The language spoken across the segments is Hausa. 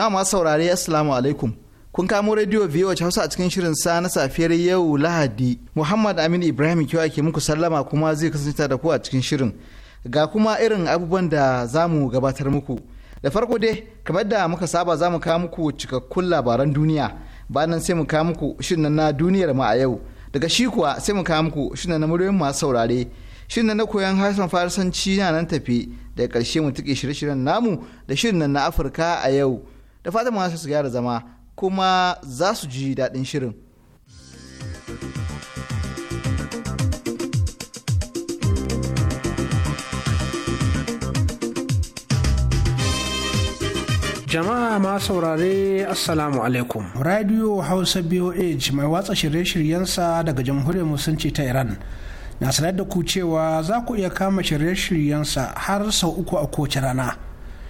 jama'a masu saurare assalamu alaikum kun kamo rediyo VOA Hausa a cikin shirin sa na safiyar yau Lahadi Muhammad Aminu Ibrahim kiwa ke muku sallama kuma zai kasance da ku a cikin shirin ga kuma irin abubuwan da za mu gabatar muku da farko dai kamar da muka saba za mu kawo muku cikakkun labaran duniya bayan sai mu kawo muku shirin na duniyar ma a yau daga shi kuwa sai mu kawo muku shirin na muryoyin masu saurare shirin na koyon harshen farsanci na nan tafi da ƙarshe mu tuke shirye-shiryen namu da shirin na Afirka a yau da fatan masu su gyara zama kuma za su ji daɗin shirin. Jama'a ma saurare Assalamu alaikum. Radio Hausa BOH mai watsa shirye-shiryensa daga Jamhuriyar Musulunci ta Iran. Na sanar da ku cewa za ku iya kama shirye-shiryensa har sau uku a kowace rana.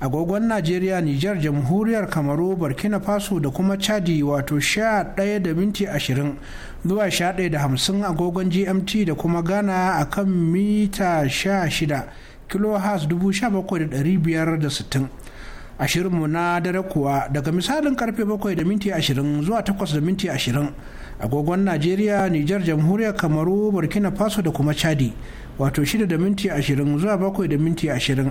agogon najeriya niger jamhuriyar kamaru burkina faso da kuma chadi wato ɗaya da minti ashirin zuwa ɗaya da hamsin agogon gmt da kuma ghana a kan mita 16 kilohas 17,560 ashirinmu na dare kuwa daga misalin karfe bakwai da minti ashirin zuwa takwas da minti ashirin agogon najeriya niger jamhuriyar kamaru burkina faso da kuma chadi wato shida da minti ashirin zuwa bakwai da minti ashirin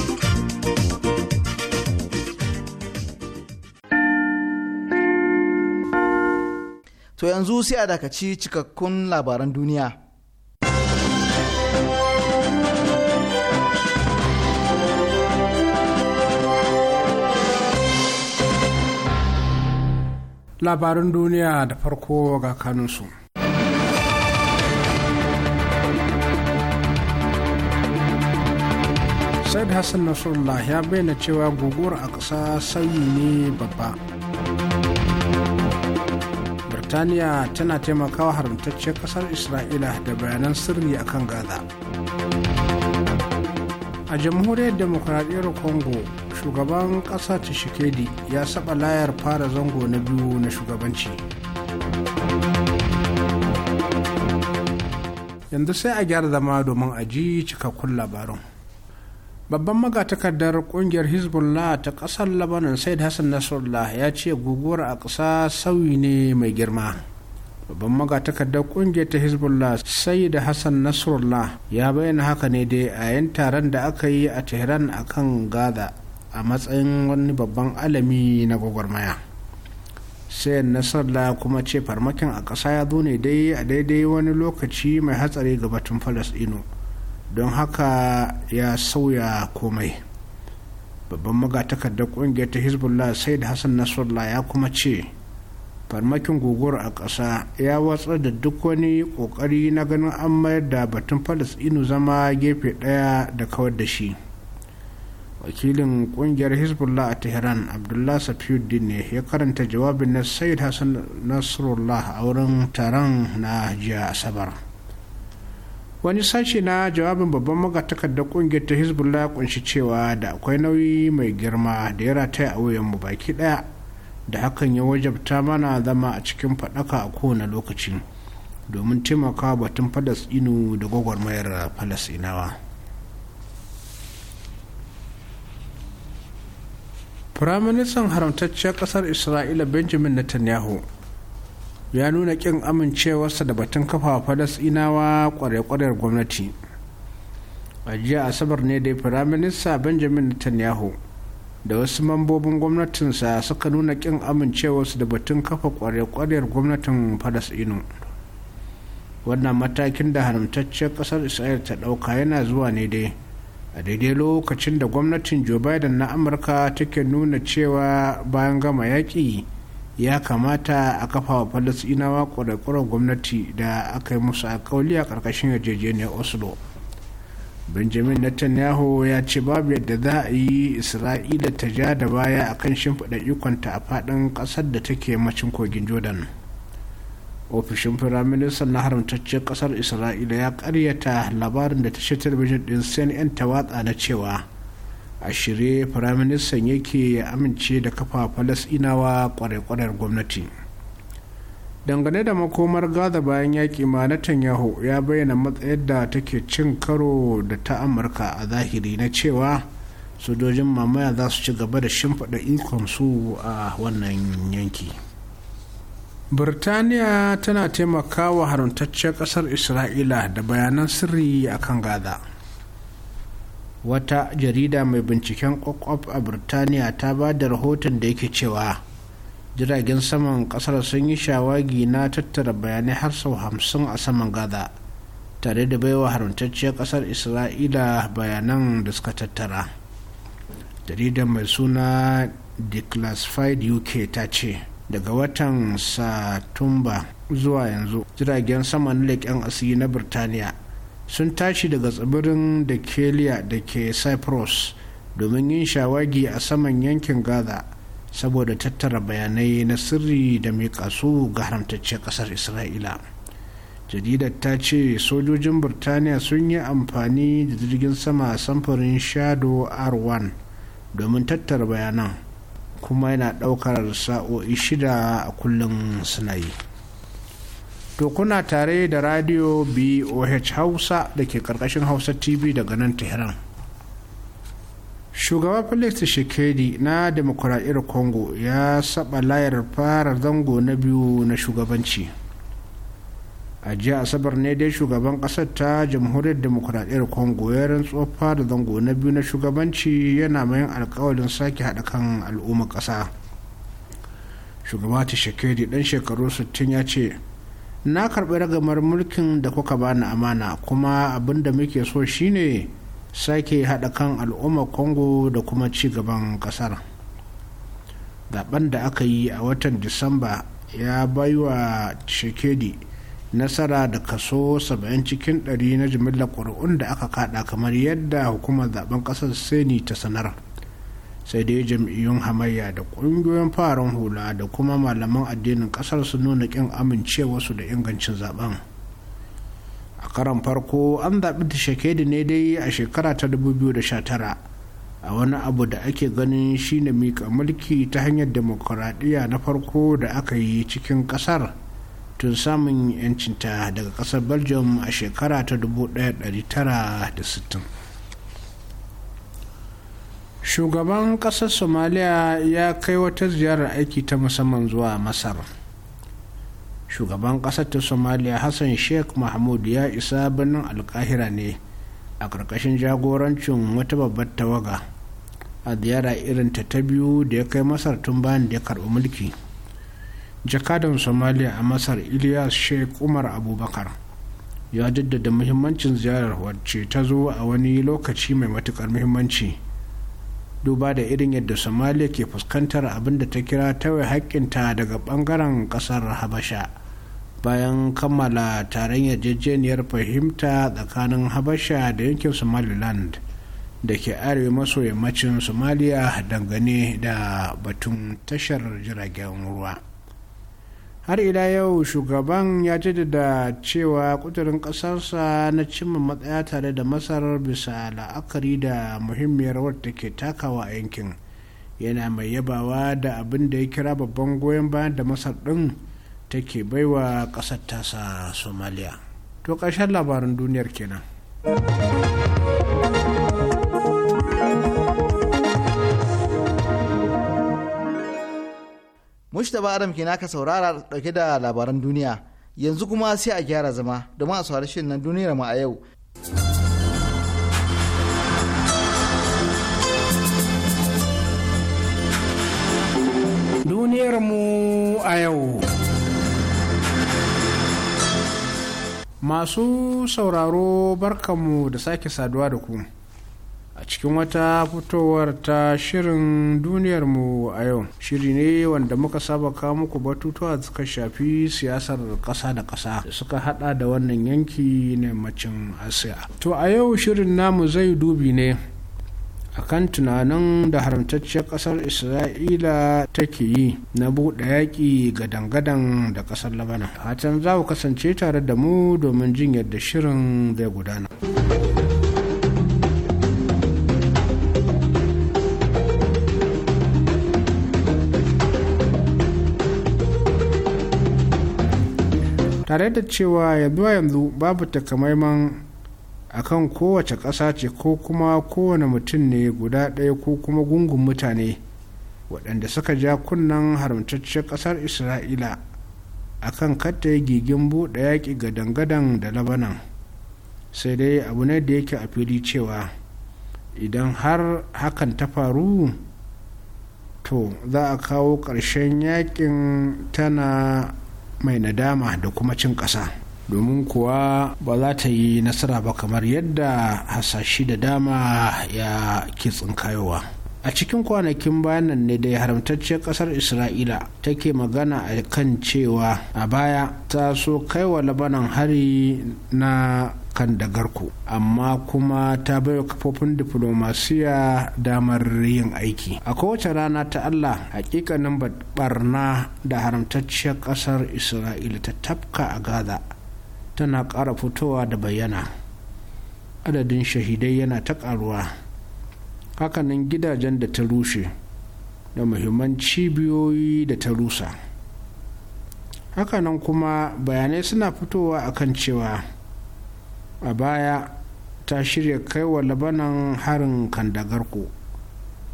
To yanzu sai a dakaci cikakkun labaran duniya. Labarin duniya da farko ga kanunsu. Said Hassan Nasrullah ya bayyana cewa guguwar a ƙasa sauyi ne babba. birtaniya tana taimakawa haramtacciyar kasar isra'ila da bayanan sirri a kan gaza a jamhuriyar demokuraɗiyyar congo shugaban ƙasa tshisekedi ya saba layar fara zango na biyu na shugabanci yanzu sai a gyara zama domin a ji cikakkun labarin babban magatakardar kungiyar hezbollah ta kasar labanan said hassan nasrullah ya ce guguwar a ƙasa sauyi ne mai girma babban magatakardar kungiyar ta hezbollah da hassan nasrullah ya bayyana haka ne dai a yan taron da aka yi a tehran a kan gaza a matsayin wani babban alami na gwagwarmaya. sai nasrullah kuma ce farmakin a ƙasa ya zo ne dai a daidai wani lokaci mai hatsari ga batun falasɗinu don haka ya sauya komai babban magatakardar kungiyar ta hezbollah said hassan nasrallah ya kuma ce farmakin guguwar a ƙasa ya watsar da duk wani ƙoƙari na ganin an mayar da batun falasɗinu zama gefe ɗaya da kawar da shi wakilin ƙungiyar hezbollah a tehran abdullah safiuddin ne ya karanta jawabin na said hassan nasrullah a wurin taron na jiya asabar. wani sashe na jawabin babban magatakardar kungiyar ta hezbollah kunshi cewa da akwai nauyi mai girma da ya rataya a wuyanmu baki daya da hakan ya wajabta mana zama a cikin fadaka a kowane lokaci domin taimaka batun falasɗinu da gwagwarmayar falasɗinawa firaministan haramtacciyar kasar isra'ila benjamin netanyahu ya nuna ƙin amincewarsa da batun kafa falasinawa kware-kwarar gwamnati a jiya asabar ne dai firaminista benjamin netanyahu da wasu mambobin gwamnatinsa suka nuna ƙin amincewarsu da batun kafa kware-kwarar gwamnatin falasinu wannan matakin da haramtaccen kasar isra'il ta ɗauka yana zuwa ne dai a daidai lokacin da gwamnatin joe biden na amurka take nuna cewa bayan gama yaƙi ya kamata a kafa wa falasinawa kwarekwarar gwamnati da aka yi musu alkawali a ƙarƙashin yarjejeniyar oslo benjamin netanyahu ya ce babu yadda za a yi isra'ila ta ja da baya a kan shimfiɗa ikonta a faɗin ƙasar da take macin kogin jordan ofishin firaministan na haramtaccen ƙasar isra'ila ya ƙaryata labarin da ta ce talabijin ɗin cnn ta watsa na cewa a shirye firaministan yake ya amince da kafa falasinawa kwarekwarar gwamnati dangane da makomar gaza bayan yaƙi ma netanyahu ya bayyana matsayar da take cin karo da ta amurka a zahiri na cewa sojojin mamaya za su ci gaba da shimfiɗa su a wannan yanki birtaniya tana taimakawa haramtaccen ƙasar isra'ila da bayanan sirri akan gaza wata jarida mai binciken kwakwaf a birtaniya ta ba da rahoton da yake cewa jiragen saman kasar sun yi shawagi na tattara bayanai har sau hamsin a saman gaza tare da baiwa haramtacciyar kasar isra'ila bayanan da suka tattara jaridar mai suna declassified uk ta ce daga watan satumba zuwa yanzu jiragen saman leƙen asiri na birtaniya sun tashi daga tsibirin da keliya da ke cyprus domin yin shawagi a saman yankin gaza saboda tattara bayanai na sirri da mai su ga haramtacce kasar isra'ila jaridar ta ce sojojin birtaniya sun yi amfani da jirgin sama samfurin shadow r1 domin tattara bayanan kuma yana ɗaukar sa'o'i shida a kullum suna yi to kuna tare da radio boh hausa da ke karkashin hausa tv daga nan tehran shugaba felix shekedi na demokuraɗiyar congo ya saba layar fara zango na biyu na shugabanci a jiya asabar ne dai shugaban ƙasar ta jamhuriyar demokuraɗiyar congo ya rantsuwa fara zango na biyu na shugabanci yana mayan alkawarin sake haɗa kan al'ummar ƙasa shugaba ta shekedi ɗan shekaru 60 ya ce na karɓi ragamar mulkin da kuka bani amana kuma abin da muke so shine sake haɗa kan al'ummar congo da kuma ci gaban ƙasar zaben da aka yi a watan disamba ya baiwa shekedi nasara da kaso 70 cikin 100 na jimillar ƙuri'un da aka kada kamar yadda hukumar zaben ƙasar seni ta sanar sai dai jam'iyyun hamayya da ƙungiyoyin fararen hula da kuma malaman addinin ƙasar su nuna ƙin amincewarsu da ingancin zaben a karan farko an zaɓi shekedi ne dai a shekara ta 2019 a wani abu da ake ganin shine mika mulki ta hanyar demokuraɗiyya na farko da aka yi cikin ƙasar tun samun 'yancinta daga ƙasar belgium a shekara ta 1960 shugaban ƙasar somaliya ya kai wata ziyarar aiki ta musamman zuwa masar shugaban ƙasar ta somaliya hassan sheikh mahmud ya isa birnin alkahira ne a ƙarƙashin jagorancin wata babbar tawaga a ziyara irin ta ta biyu da ya kai masar tun bayan da ya karɓi mulki jakadan somaliya a masar ilyas sheikh umar abubakar ya jaddada muhimmancin ziyarar wacce ta zo a wani lokaci mai matuƙar muhimmanci duba da irin yadda somalia ke fuskantar abin da ta kira wai haƙƙinta daga ɓangaren ƙasar habasha bayan kammala taron yarjejeniyar fahimta tsakanin habasha da yankin somaliland da ke arewa maso yammacin somaliya dangane da batun tashar jiragen ruwa. har ila yau shugaban ya jaddada cewa kudurin kasarsa na cimma matsaya tare da masar bisa la'akari da muhimmiyar wadda ke takawa a yankin yana mai yabawa da abin da ya kira babban goyon bayan da masar ɗin take baiwa ƙasar tasa somaliya to ƙarshen labarin duniyar kenan. Mustapha Adam ke naka saurara dauke da labaran duniya. Yanzu kuma sai a gyara zama domin a saurari shirin nan duniyar mu a yau. Duniyar mu a yau. Masu sauraro barkamu da sake saduwa da ku. a cikin wata fitowar ta shirin duniyarmu a yau shiri ne wanda muka saba kawo muku batutuwa suka shafi siyasar ƙasa da ƙasa da suka hada da wannan yanki na yammacin asiya to a yau shirin namu zai dubi ne a kan tunanin da haramtacciyar ƙasar isra'ila take yi na buɗe yaƙi ga dangadan da ƙasar labanan can za ku kasance tare da mu domin jin yadda shirin zai gudana. tare da cewa yanzu yanzu babu takamaiman a kan kowace ƙasa ce ko kuma kowane mutum ne guda ɗaya ko kuma gungun mutane waɗanda suka ja kunnen haramtacciyar ƙasar isra'ila a kan katta gigin buɗe yaƙi ga dangadan da labanan sai dai abu ne da yake a fili cewa idan har hakan ta faru to za a kawo ƙarshen yaƙin tana mai nadama da kuma cin ƙasa domin kuwa ba za ta yi nasara ba kamar yadda hasashi da dama ya ke tsinkayowa a cikin kwanakin bayanan ne dai haramtacciyar kasar isra'ila take magana a kan cewa a baya ta so kaiwa labanan hari na kan dagarku amma kuma ta baiwa kafofin diflomasiya damar yin aiki a kowace rana ta allah hakikanin barna da haramtacciyar kasar isra'ila ta tafka a gaza tana ƙara fitowa da bayyana adadin shahidai yana ta ƙaruwa hakanan gidajen da ta rushe da muhimman cibiyoyi da ta rusa hakanan kuma bayanai suna fitowa akan cewa a baya ta shirya kaiwa labanan harin kandagarko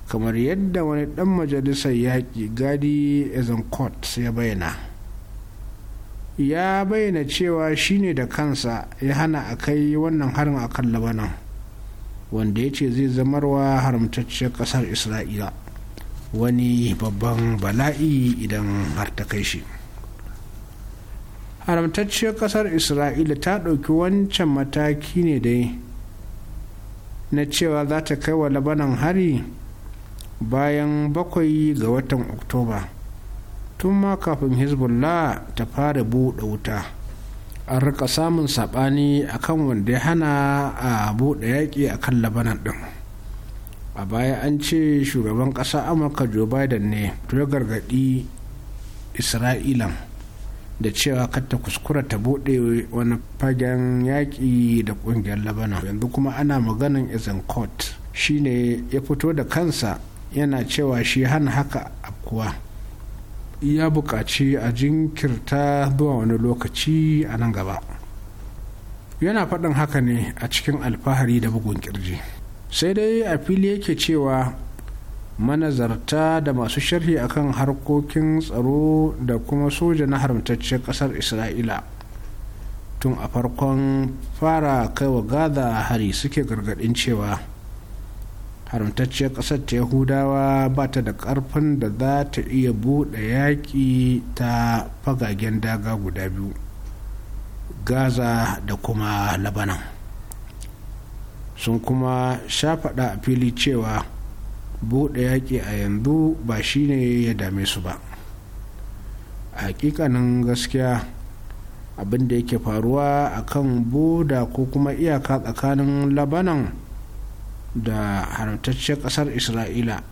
kamar yadda wani dan majalisar yaƙi gadi ezenkot ya bayyana ya bayyana cewa shine da kansa ya hana a kai wannan harin akan labanan wanda ya ce zai zamarwa haramtacciyar ƙasar isra'ila wani babban bala'i idan har ta kai shi haramtacciyar ƙasar isra'ila ta ɗauki wancan mataki ne dai na cewa za ta kai wa labanan hari bayan bakwai ga watan oktoba tun ma kafin hezbollah ta fara buɗe wuta an rika samun saɓani kan wanda ya hana a buɗe yaƙi kan labanan ɗin a baya an ce shugaban ƙasa amurka joe biden ne ya gargaɗi isra'ilan da cewa kar ta kuskura ta buɗe wani fagen yaƙi da ƙungiyar labanan yanzu kuma ana maganin shi shine ya fito da kansa yana cewa shi hana haka kuwa. ya buƙaci a jinkirta zuwa wani lokaci a nan gaba yana faɗin haka ne a cikin alfahari da bugun kirji sai dai a fili yake cewa manazarta da masu sharhi akan harkokin tsaro da kuma soja na haramtaccen kasar isra'ila tun a farkon fara kaiwa gaza hari suke gargadin cewa haramtacciyar kasar ta yahudawa ba ta da karfin da za ta iya bude yaƙi ta fagagen daga guda biyu gaza da kuma labanan sun kuma shafaɗa a fili cewa buɗe yaƙi a yanzu ba shine ya dame su ba a hakikanin gaskiya abinda da yake faruwa a kan boda ko kuma iyaka tsakanin labanan da haramtacciyar ƙasar isra'ila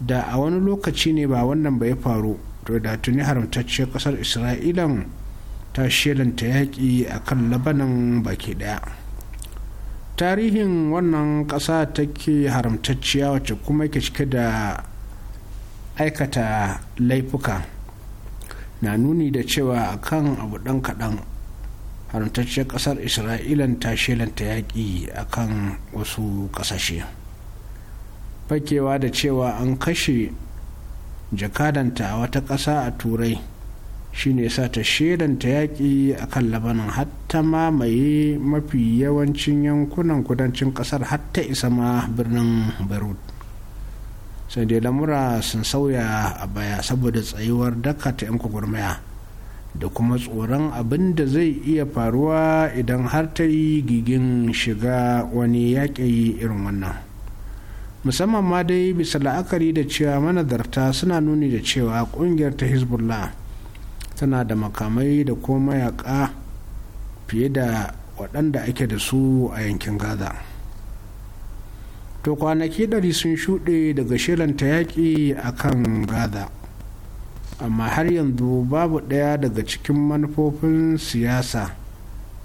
da a wani lokaci ne ba wannan bai faru to da tuni haramtacciyar ƙasar isra'ilan ta shelanta yaƙi a kan labanan baki ɗaya. tarihin wannan ƙasa take haramtacciya wacce kuma ke cike da aikata laifuka na nuni da cewa kan abu ɗan kaɗan haramtacciyar ƙasar isra'ilan ta shelanta yaƙi a kan wasu ƙasashe fakewa da cewa an kashe jakadanta a wata ƙasa a turai shine sa ta ta yaƙi a kan labanin hatta mamaye mafi yawancin yankunan kudancin ƙasar hatta isa ma birnin beirut sai dai lamura sun sauya a baya saboda tsayuwar daka ta 'yan gwagwarmaya da kuma tsoron abin da zai iya faruwa idan har ta yi gigin shiga wani yaƙi irin wannan musamman ma dai bisa la'akari da cewa manazarta suna nuni da cewa ƙungiyar ta hezbollah tana da makamai da kuma mayaka fiye da waɗanda ake da su a yankin gaza to kwanaki ɗari sun shuɗe daga ta yaƙi a kan gaza amma har yanzu babu ɗaya daga cikin manufofin siyasa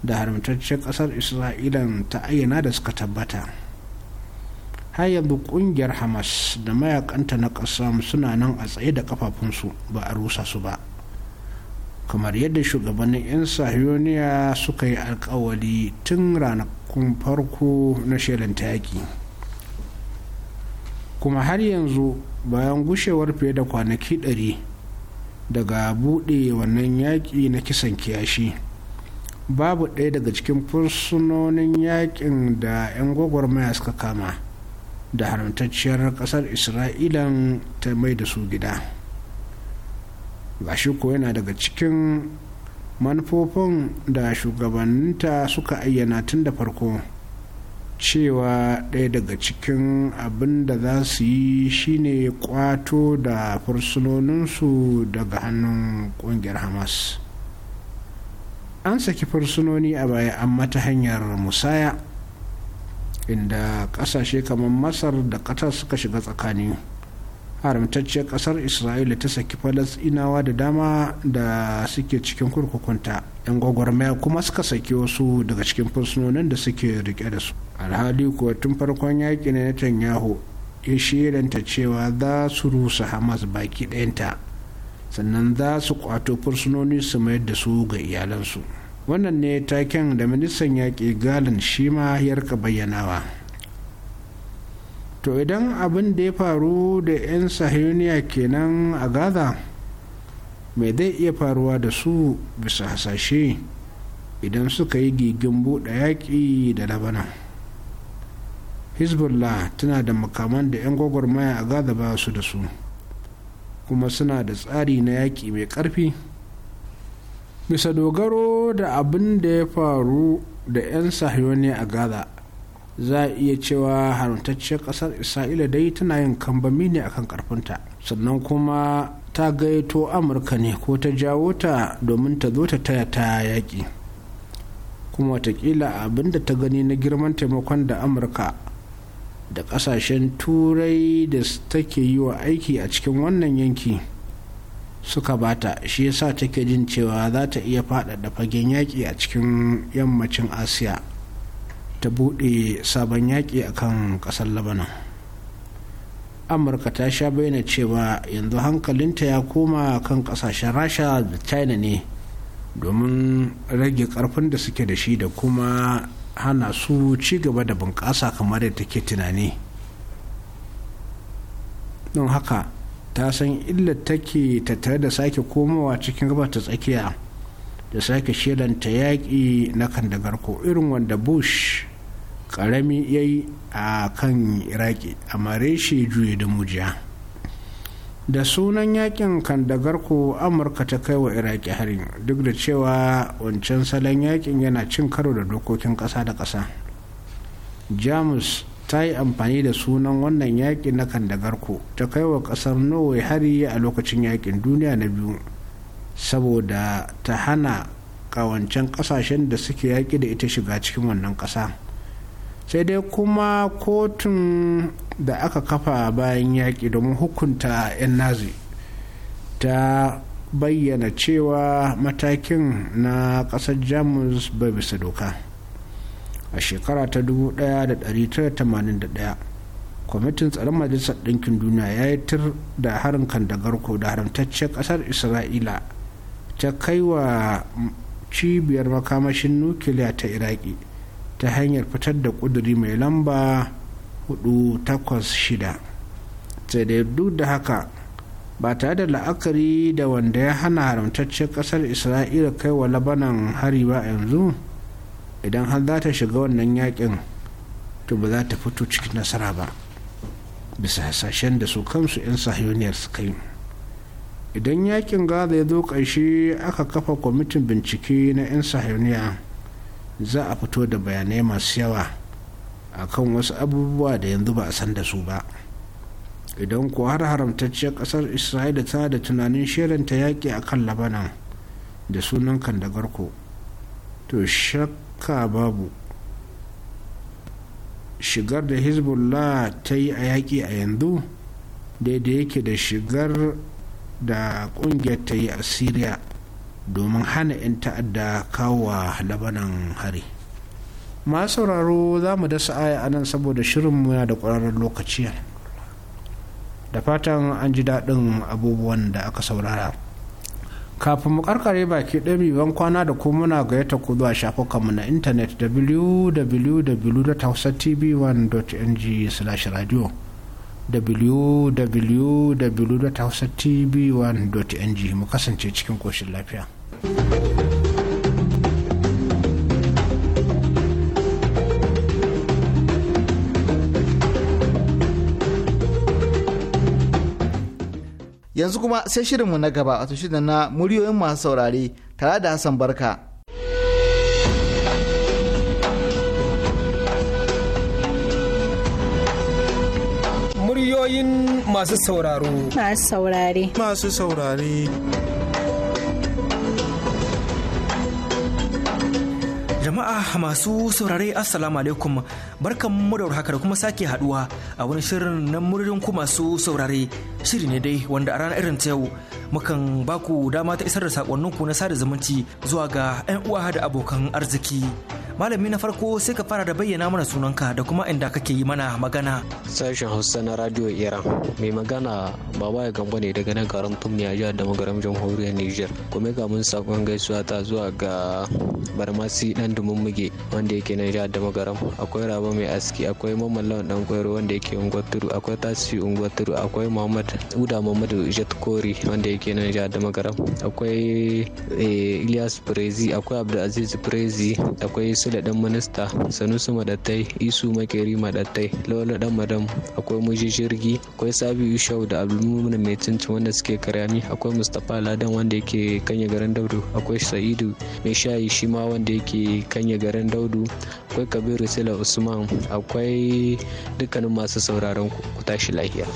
da haramtaccen ƙasar Isra'ila ta ayyana da suka tabbata har yanzu ƙungiyar hamas da mayakanta na ƙasam suna nan a tsaye da ƙafafunsu ba a rusa su ba kamar yadda shugabannin 'yan sahiyoniya suka yi alkawali tun ranakun farko na shirin yaƙi kuma har yanzu bayan gushewar fiye da kwanaki ɗari daga buɗe wannan yaƙi na kisan kiyashi babu ɗaya daga cikin fursunonin yaƙin da 'yan gwagwarmaya suka kama da haramtacciyar ƙasar isra'ilan ta mai da su gida. shi ko yana daga cikin manufofin da shugabanninta suka ayyana tun da farko cewa ɗaya daga cikin abin da za su yi shine kwato da fursunoninsu daga hannun ƙungiyar hamas an saki fursunoni a baya an mata hanyar musaya inda ƙasashe kamar masar da ƙatar suka shiga tsakani haramtacciyar kasar isra'ila ta saki falasinawa da dama da suke cikin kurkukunta yan gwagwarmaya kuma suka saki wasu daga cikin fursunonin da suke rike da su alhali kuwa tun farkon yaƙi na netanyahu ya shirinta cewa za su rusa hamas baki ɗayanta sannan za su kwato fursunoni su mayar da su ga iyalansu wannan ne taken da ministan yaƙi galan shima yarka bayyanawa to idan abin da ya faru da 'yan sahiyoniya kenan a gaza mai zai iya faruwa da su bisa hasashe idan suka yi gigin buɗe yaƙi da labana hezbollah tana da makaman da 'yan gwagwarmaya a gaza ba su da su kuma suna da tsari na yaƙi mai ƙarfi bisa dogaro da abin da ya faru da 'yan sahiyoni a gaza za a iya cewa haramtacciyar ƙasar isra'ila dai tana yin kambami ne akan karfinta sannan kuma ta gaito amurka ne ko ta jawo ta domin ta zo ta taya ta yaƙi kuma watakila abin da ta gani na girman taimakon da amurka da ƙasashen turai da take yi wa aiki a cikin wannan yanki suka bata shi yasa take jin cewa za ta iya faɗaɗa fagen yaƙi a cikin yammacin asiya ta buɗe sabon yaƙi a kan ƙasar labanan amurka ta sha bayyana cewa yanzu hankalinta ya koma kan ƙasashen rasha da china ne domin rage ƙarfin da suke da shi da kuma hana su ci gaba da bunƙasa kamar da take tunani don haka ta san illar take tattare da sake komowa cikin gaba ta tsakiya da sake shelanta yaƙi na kandagarko irin wanda bush karami ya yi a kan iraki a reshe juye da mujiya da sunan yakin garko amurka ta kai wa iraki harin duk da cewa wancan salon yakin yana cin karo da dokokin kasa da kasa jamus ta yi amfani da sunan wannan yakin na Kande-Garko, ta kai wa kasar norway hari a lokacin yakin duniya na biyu saboda ta hana kawancen ƙasashen da suke yaƙi da ita shiga cikin wannan ƙasa. sai dai kuma kotun da aka kafa bayan yaƙi domin hukunta 'yan nazi ta bayyana cewa matakin na ƙasar jamus bai bisa doka a shekara ta 1981 kwamitin tsaron majalisar ɗinkin duniya ya yi tir da harin kan da garko da haramtaccen ƙasar isra'ila ta kai wa cibiyar makamashin nukiliya ta iraki ta hanyar fitar da kuduri mai lamba 486 sai dai duk da haka ba tare da la'akari da wanda ya hana haramtaccen ƙasar isra'ila kai wa labanan hari ba yanzu idan har za ta shiga wannan yakin to ba za ta fito cikin nasara ba bisa hasashen da su kansu 'yan sahiyoniyar su yi idan yakin gaza ya zo ƙarshe aka kafa kwamitin bincike na 'yan sahiyoniya za a fito da bayanai masu yawa a kan wasu abubuwa da yanzu ba a san da su ba idan ko har haramtacciyar ƙasar isra'ila ta da tunanin shirinta yaƙi a kan labanan da sunan kan da garko to shakka babu shigar da hezbollah ta yi a yaƙi a yanzu daidai yake da shigar da ƙungiyar ta yi a syria domin hana 'yan ta'adda kawowa wa labanan hari masu sauraro za mu dasa aya anan saboda shirinmu yana da ƙwararren lokaci da fatan an ji daɗin abubuwan da aka saurara kafin mu karkare baki ɗaya mai ban kwana da kuma muna gayyata ku zuwa shafukanmu na intanet www.hausatv1.ng/radio www.hausatv1.ng mu kasance cikin koshin lafiya. yanzu kuma sai shirinmu na gaba wato shirin na muryoyin masu saurare tare da Hassan Barka. Muryoyin masu sauraro. Masu saurare. Masu saurare. Jama'a masu saurare Assalamu alaikum barkan mu da warhaka da kuma sake haduwa a wani shirin na muririn ku masu saurare shiri ne dai wanda a ranar irin ta yau mukan baku dama ta isar da sakonninku na sada zumunci zuwa ga 'yan uwa da abokan arziki. malami na farko sai ka fara da bayyana mana sunanka da kuma inda kake yi mana magana sashen hausa na radio iran mai magana baba ya gamba ne daga nan garin tumniya jihar da magaram jamhuriyar niger kuma ga mun sakon gaisuwa ta zuwa ga barmasi dan dumin muge wanda yake nan jihar da magaram akwai raba mai aski akwai mamallawan dan kwairo wanda yake unguwar tudu akwai tasi unguwar tudu akwai muhammad uda muhammad jet kori wanda yake nan jihar da magaram akwai eh, ilyas prezi akwai abdulaziz prezi akwai da dan minista sanusi madattai isu makeri madattai lawal dan madam akwai muji jirgi akwai sabi yushau da abdulmumin mai cincin wanda suke karyami akwai mustapha ladan wanda yake kanya garin daudu akwai sa'idu mai shayi shi ma wanda yake kanya garin daudu akwai kabiru sila usman akwai dukkanin masu sauraron ku tashi lahiya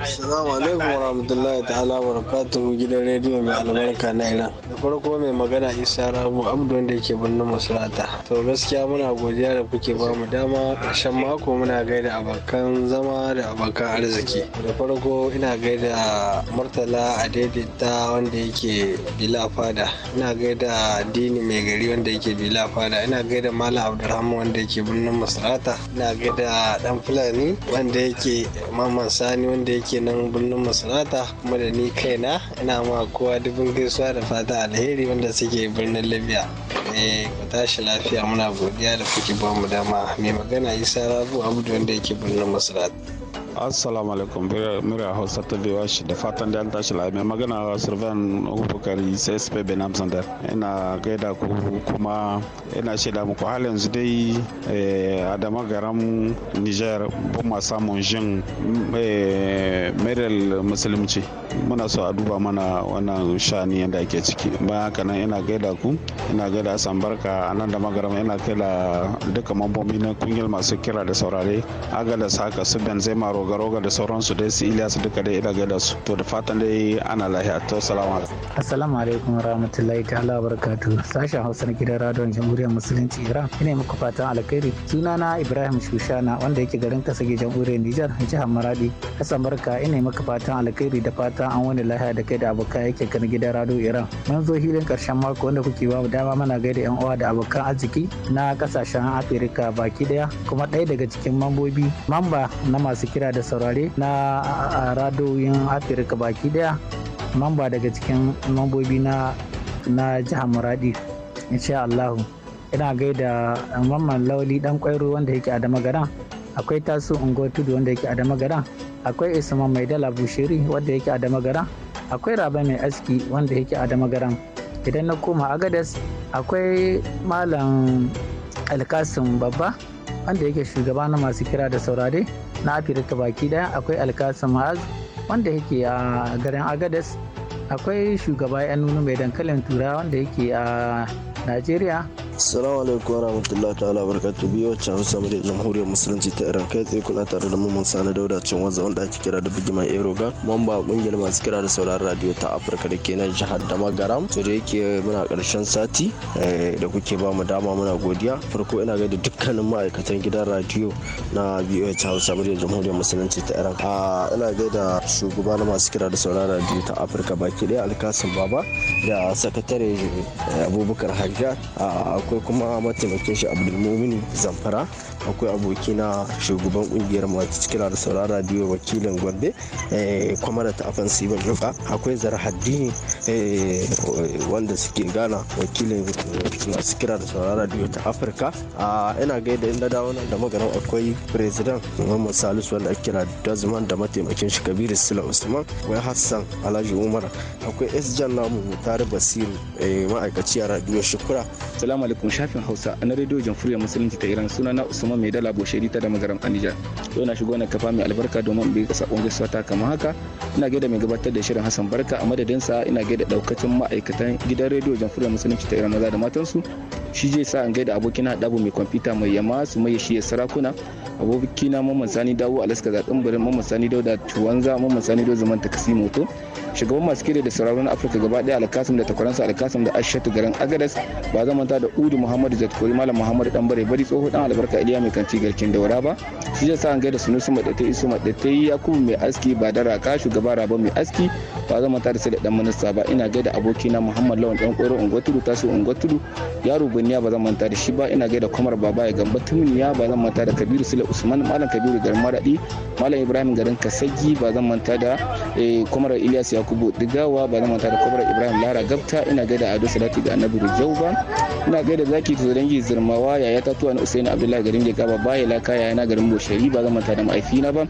Assalamu alaikum warahmatullahi ta'ala barakatuhu gidan rediyo mai albarka na Iran. Da farko mai magana Isa Rabu Abdu wanda yake birnin musulata. To gaskiya muna godiya da kuke ba mu dama ƙarshen mako muna gaida abokan zama da abokan arziki. Da farko ina gaida Murtala a daidaita wanda yake Bila Fada. Ina gaida Dini mai gari wanda yake Bila Fada. Ina gaida Malam Abdulrahman wanda yake birnin musulata. Ina gaida Dan Fulani wanda yake Mamman Sani wanda yake kenan birnin masarata kuma da ni kaina ina ma kowa dubin gaisuwa da fata alheri wanda suke birnin libya eh ku tashi lafiya muna godiya da kuke ba mu dama mai magana isa rabu abu wanda yake birnin masana'anta assalamu alaikum murya hausa ta biyu shi da fatan da an tashi la mai magana sirvan bukari sai sp benam sandar ina gaida ku kuma ina shaida muku hal yanzu dai eh, dama garan niger ba ma samun jin eh, medal musulunci muna so a duba mana wannan shani yadda ake ciki bayan haka nan ina gaida ku ina gaida asan barka a nan da magaram ina da duka mambobi na kungiyar masu kira da saurare agalas haka su benzema roga roga da sauransu dai su iliya su duka dai ila gaida su to da fatan dai ana lahiya to salamu alaikum assalamu alaikum rahmatullahi ta'ala barakatuh sashen hausa na gidan radio jamhuriyar musulunci iran ina muku fatan alkhairi sunana ibrahim shushana wanda yake garin kasa ke jamhuriyar nijar jihar maradi kasan barka ina maka fatan alkhairi da fatan an wani lahiya da kai da abokan yake kan gidan rado iran mun zo hilin karshen mako wanda kuke ba dama mana gaida yan uwa da abokan arziki na kasashen afirka baki daya kuma ɗaya daga cikin mambobi mamba na masu kira da da saurare na radoyin afirka baki daya mamba daga cikin mambobi na na jihar muradi insha allahu ina gaida mamman lauli dan kwairo wanda yake adama garan akwai tasu ungo tudu wanda yake adama garan akwai isman mai dala bushiri wanda yake adama garan akwai raba mai aski wanda yake adama garan idan na koma agadas akwai malam alkasin babba wanda yake shugaba na masu kira da saurare na afirka baki daya akwai alkasim haz wanda yake a garin agadas akwai shugaba yan nuna mai dankalin turawa wanda yake a najeriya Assalamu alaikum warahmatullahi ta'ala barkatu biyu wacce Hausa mu da Jamhuriyar Musulunci ta Iran kai tsaye kuna tare da mu mun sani dauda cin wanzu wanda ake kira da bigiman Eroga mamba kungiyar masu kira da sauraron radio ta Afirka da ke nan jihar Magaram to da yake muna karshen sati eh, da kuke ba mu dama muna godiya farko ina gaida dukkanin ma'aikatan gidan radio na wacce Hausa mu da Jamhuriyar Musulunci ta Iran ah, ina gaida shugaba na masu kira da sauraron radio ta Afirka baki daya Alkasim Baba da sakatare eh, Abubakar a akwai kuma mataimakin shi abdulmumin zamfara akwai abokina shugaban kungiyar masu kira da sauran radio wakilin gombe eh, kwamara ta afan siban rufa akwai haddini eh, wanda suke gana wakilin eh, masu kira da sauran radio ta afirka ina gaida inda dawo nan da maganin akwai president muhammad salisu wanda ake kira dazman da mataimakin shi kabiru sila usman akwai hassan alhaji umar akwai jan namu tare basiru ma'aikaci a radio shukura salamu alaikum shafin hausa na radio jamhuriyar musulunci ta iran suna na usman kuma mai dala bosheri ta da magaram a Yau na shigo na kafa mai albarka domin bi ga sakon gaisuwa ta kama haka. Ina gaida mai gabatar da shirin Hassan Barka a madadin sa ina gaida daukacin ma'aikatan gidan rediyo Jamhuriyar Musulunci ta Iran maza da matansu. Shi zai sa an gaida abokin haɗabu mai kwamfuta mai yama su mai shi ya sarakuna. Abokina Mamman Sani Dawo Alaska zaɓen birin Mamman Sani Dawo da Tuwanza Mamman Sani Dawo zaman takasi moto. Shugaban masu kere da sauraron Afirka gaba ɗaya Alkasim da takwaransa Alkasim da Ashatu garin Agadas ba zamanta da Udu Muhammadu Zatkori Malam Muhammadu Ɗanbare Bari tsoho ɗan albarka Iliya mai kanti garkin daura ba shi sa an gaida su sunusu madatai isu ya kuma mai aski ba da raka shugaba rabo mai aski ba zama ta da dan minista ba ina gaida abokina muhammad lawan dan koro ungwaturu tasu ungwaturu yaro buniya ba zama ta da shi ba ina gaida kwamar baba ya gamba tumniya ba zama ta da kabiru sule usman malam kabiru garin maradi malam ibrahim garin kasagi ba zama ta da eh, kwamar ilyas yakubu digawa ba zama ta da kwamar ibrahim lara gabta ina gaida ado salati da annabi rijau ba ina gaida zaki tuzo dangi zirmawa yaya tatuwa na usaini abdullahi garin ya gaba baya laka yana garin boshari ba zama manta da ma'aifina ba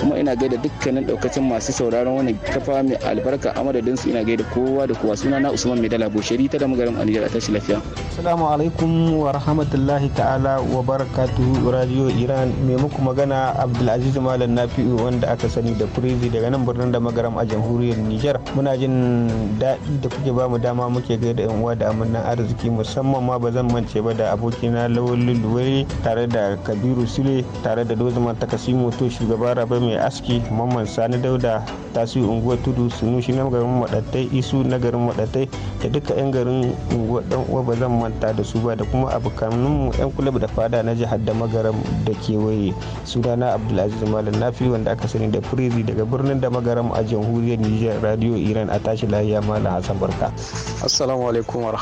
kuma ina gaida dukkanin daukacin masu sauraron wannan kafa mai albarka a madadin su ina gaida kowa da kowa suna na Usman mai dala Bosheri ta da magarin Anijar a tashi lafiya. Assalamu alaikum wa rahmatullahi ta'ala wa barakatuhu Radio Iran mai muku magana Abdulaziz Malam Nafi'u wanda aka sani da Prezi daga nan birnin da magaram a jamhuriyar Nijar. Muna jin daɗi da kuke bamu dama muke gaida yan uwa da amannan arziki musamman ma ba zan mance ba da abokina Lawal Luwai tare da Kabiru Sule tare da Dozman Takasimu to shugaba Rabe mai aski mamman sani dauda ta tasiri unguwar tudu shi na garin madattai isu na garin madattai da duka yan garin unguwar dan uwa ba zan manta da su ba da kuma mu yan kulub da fada na jihar da magaram da kewaye sunana abdulaziz malam nafi wanda aka sani da firizi daga birnin da magaram a jamhuriyar niger radio iran a tashi lahiya malam hassan barka assalamu alaikum wa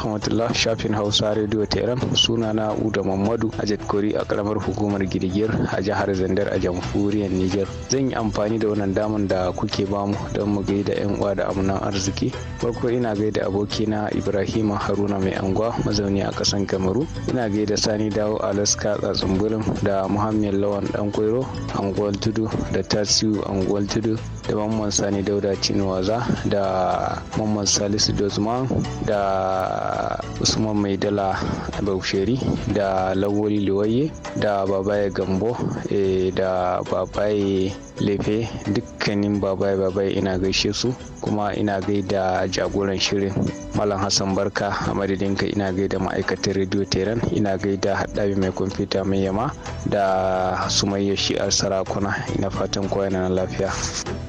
shafin hausa radio tehran sunana uda mamadu a jadkori a karamar hukumar girgir a jihar zandar a jamhuriyar niger. zan yi amfani da wannan daman da kuke bamu don mu gaida yan uwa da amunan arziki farko ina gaida abokina ibrahima haruna mai angwa mazauni a kasan kamaru ina gaida sani dawo alaska tsatsun da muhammed lawan dan kwairo anguwar tudu da tasiu anguwar tudu da mamman sani dauda cinwaza da mamman salisu dozman da usman mai dala bausheri da lawoli luwaye da babaye gambo eh, da babaye lefe dukkanin babai babai ina gaishe su kuma ina gaida jagoran shirin malam hassan barka a madadinka ina gaida ma'aikatan rediyo teran ina gaida haɗabi mai kwamfuta mai yama da sumayya shi'ar sarakuna ina fatan kowa na lafiya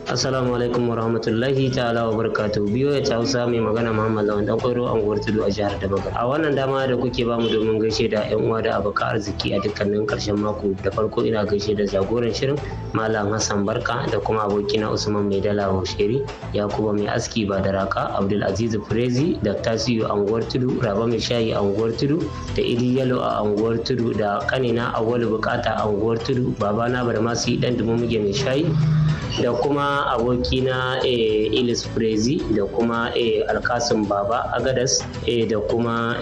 assalamu alaikum wa rahmatullahi ta'ala wa to biyo ya hausa mai magana muhammad lawan dan kwaro anguwar tudu a jihar dabaga a wannan dama da kuke bamu domin gaishe da yan uwa da abokan arziki a dukkanin karshen mako da farko ina gaishe da jagoran shirin malam hassan Hassan Barka da kuma abokina Usman Mai Dala Bushiri, Yakuba Mai Aski ba da raka, Abdul Aziz Prezi da Tasiyu Anguwar Tudu, Raba Mai Shayi Anguwar Tudu da Idi Yalo a Anguwar Tudu da kanina Awolu Bukata Anguwar Tudu, baba babana Barmasi Dan Dumumuge Mai Shayi da kuma abokina eh, Ilis frezi da kuma eh, Alkasim Baba Agadas eh, da kuma